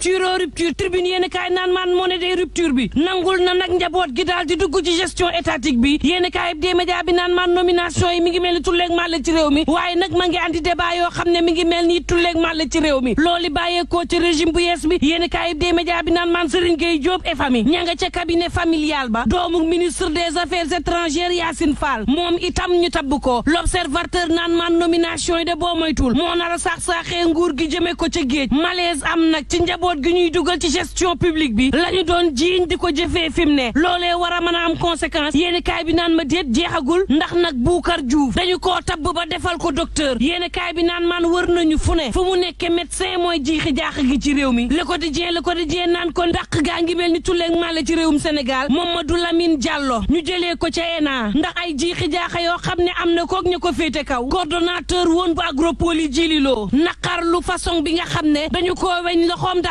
Oh, rupture tribune yéen naan maan moo ne rupture bi nangul na nag njaboot gi daal di dugg ci gestion étatique bi yéen kaay des médias bi naan maan nomination yi mi ngi mel ni tulleeg màlle ci réew mi waaye nag ma ci régime bu yees bi yéen kaay des médias naan maan Serigne Gueye Diop et famille ña ca cabinet familial ba doomu ministre des affaires étrangères Yacine Fall moom itam ñu tabb ko l'observateur naan maan nomination yi de boo moytuwul a njaboot gi ñuy dugal ci gestion publique bi la ñu doon jiiñ di ko jëfee fi mu ne loolee wara a mën a am conséquence yéeni kaay bi naan ma déet jeexagul ndax nag buukar Diouf dañu ko tabb ba defal ko docteur yéeni kaay bi naan maan wër nañu fu ne fu mu nekke médecin mooy jiixi jaax gi ci réew mi Le Quotidien Le Quotidien naan ko ndàq gaa ngi mel ni tulleeg màlle ci réewum Sénégal Mamadou Lamine jàlloo ñu jëlee ko ca ENA ndax ay jiixi jaaxa yoo xam ne am na kook ñu ko féete kaw coordonnateur woon bu agropoli jililoo naqar lu bi nga xam ne dañu ko weñ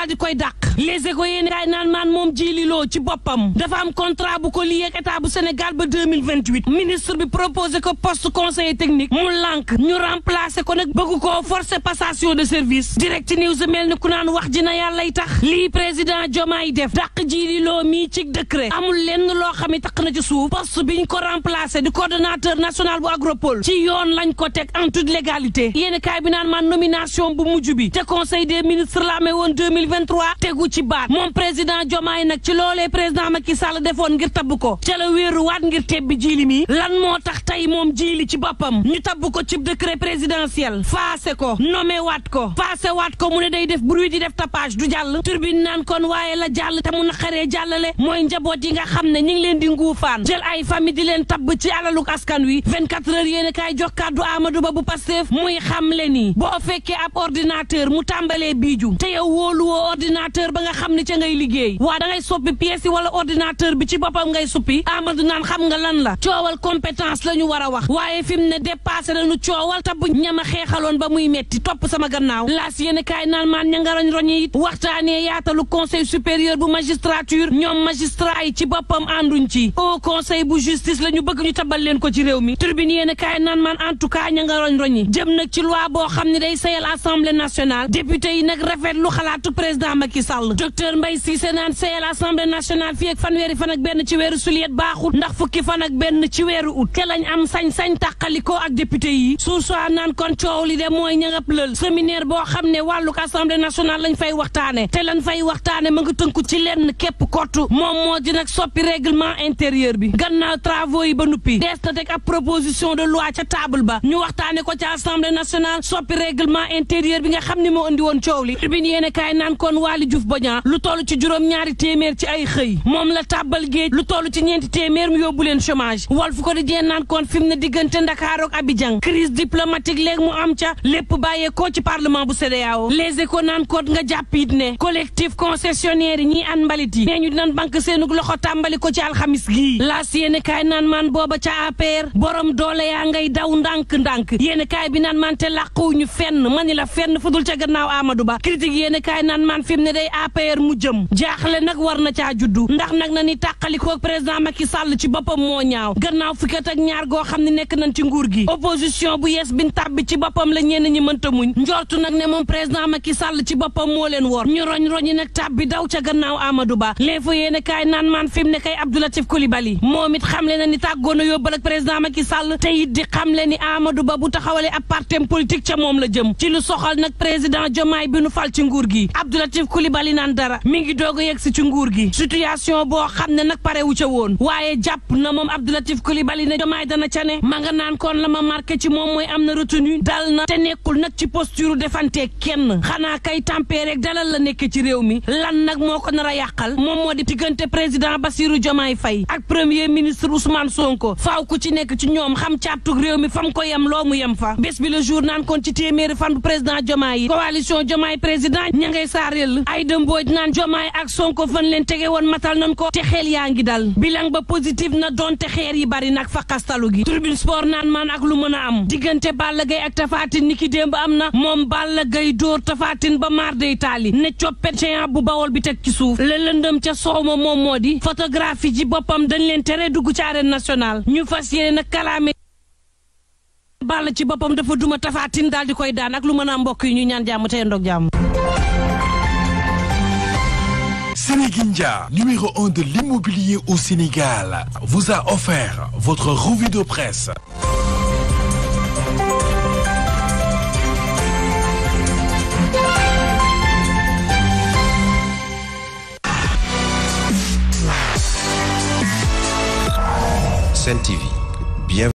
daal di koy dàq les éco yéen kaay naan maan moom Djily Lo ci boppam dafa am contrat bu ko lié ak bu Sénégal ba 2028 ministre bi proposé ko poste conseiller technique mu lànk ñu remplacer ko nag bëgg koo forcer passation de service direct news mel ni ku naan wax ji na yàllay tax lii président Diomaye def dàq Djily Lo mii ci décret amul lenn loo xam ne tax na ci suuf poste biñ ko remplacer di coordonnateur national bu agropole ci yoon lañ ko teg en toute légalité yéen kaay bi naan maan nomination bu mujj bi te conseil des ministres la amee woon 2023 tegu ci baat moom président Diomaye nag ci loolee président Macky Sall defoon ngir tabb ko ca la wéeruwaat ngir tebbi jiili mi lan moo tax tey moom jiili ci boppam ñu tabb ko ci décret présidentiel faase ko nommé waat ko faase waat ko mu ne day def bruit di def tapage du jàll turbine naan kon waaye la jàll te mu naqaree jàllale mooy njaboot yi nga xam ne ñu ngi leen di nguufaan jël ay famille di leen tabb ci alaluk askan wi 24 heures yéen a kaay jox kàddu Ba bu Pastef muy xam le nii boo fekkee ab ordinateur mu tàmbalee biiju te ba nga xam ne ca ngay liggéey waa da ngay soppi pièce yi ordinateur bi ci boppam ngay suppi Amadou naan xam nga lan la coowal compétence la ñu war a wax waaye fi mu ne dépassé nañu coowal te bu a xeexaloon ba muy metti topp sama gannaaw laas yéen kaay naan maan ña nga roñ roñi it waxtaanee yaatalu conseil supérieur bu magistrature ñoom magistrat yi ci boppam ànduñ ci au conseil bu justice la ñu bëgg ñu tabal leen ko ci réew mi tribune yéen kaay naan maan en tout cas ña nga roñ roñi jëm boo xam ne day sayal assemblée nationale nag rafet lu xalaatu président Macky Sall jàll docteur Mbaye Cissé naan seyal assemblée nationale fii ak fanweeri fan ak benn ci weeru suliet baaxul ndax fukki fan ak benn ci weeru ut te am sañ-sañ tàqalikoo ak député yi sursoi naan kon coow li de mooy ña ngab lël boo xam ne wàlluk assemblée nationale lañ fay waxtaane te lañ fay waxtaane ma nga tënku ci lenn képp kottu moom moo di nag soppi règlement intérieur bi gannaaw travaux yi ba nuppi dees na teg ab proposition de loi ca table ba ñu ko ca assemblée nationale soppi règlement intérieur bi nga xam ne moo indi woon boña lu toll ci juróom-ñaari téeméer ci ay xëy moom la tàbbal géej lu toll ci ñeenti téeméer mu yóbbu leen chômage Walf Quotidien naan kon fi mu ne diggante Ndakaar ak Abidjan crise diplomatique léegi mu am ca lépp bàyyeekoo ci parlement bu CEDEAO Les Échos naan kon nga jàpp it ne collectif concessionnaire yi ñiy an yi nee ñu dinañ banque seenug loxo tambali ko ci alxamis gii laas yéeni kaay naan maan booba ca APR borom doole yaa ngay daw ndànk-ndànk yéeni kaay bi naan maan APR mu jëm jaaxle nag war na caa juddu ndax nag na ni tàqalikoo président Macky Sall ci boppam moo ñaaw gannaaw fukki at ak ñaar goo xam ni nekk nañ ci nguur gi opposition bu yees bin tàbbi ci boppam la ñenn ñi mënta muñ njortu nag ne moom président Macky Sall ci boppam moo leen wor ñu roñ roñi nag tàbbi daw ca gannaaw Amadou Ba l'info yéene kaay naan maan fi mu ne kay Abdoulatif Coulibaly moom it xamle na ni tàggoona yóbbal ak président Macky Sall te it di xamle ni Amadou Ba bu taxawalee ab partem politique ca moom la jëm ci lu soxal nag président Diomaye bi ci nguur gi tàmbali naan dara mi ngi doog a yegg si ci nguur gi situation boo xam ne nag pare wu ca woon waaye jàpp na moom Abdou Latif Coulibaly ne jomaay dana ca ne ma nga naan kon la ma marqué ci moom mooy am na retenu dal na te nekkul nag ci posture defante kenn xanaa kay tempéré rek dalal la nekke ci réew mi lan nag moo ko nar a yàqal moom moo di diggante président Bassirou Diomaye fay ak premier ministre Ousmane Sonko faaw ku ci nekk ci ñoom xam càttug réew mi fam ko yem loo mu fa bés bi le jour naan kon ci téeméeri fan bu président Diomaye yi Mario Mbodj naan Jomaay ak Sonko fan leen tege woon matal nañ ko te xel yaa ngi dal bilan ba positif na donte xeer yi bari nag fa xastalu gi tribune sport naan maan ak lu mën a am diggante Balla Gaye ak Tafatin ni ki démb am na moom Balla Gaye dóor Tafatin ba maar day taali ne coppet géant bu bawol bi teg ci suuf la lëndëm ca soow ma moom moo di photographie ci boppam dañ leen tere dugg ci arène nationale ñu fas yéene nag kalaame Balla ci boppam dafa duma Tafatin daal di koy daan ak lu mën a mbokk yi ñu ñaan jàmm tey ndoog Sénéguindia, numéro 1 de l'immobilier au Sénégal, vous a offert votre revue de presse. Sen TV.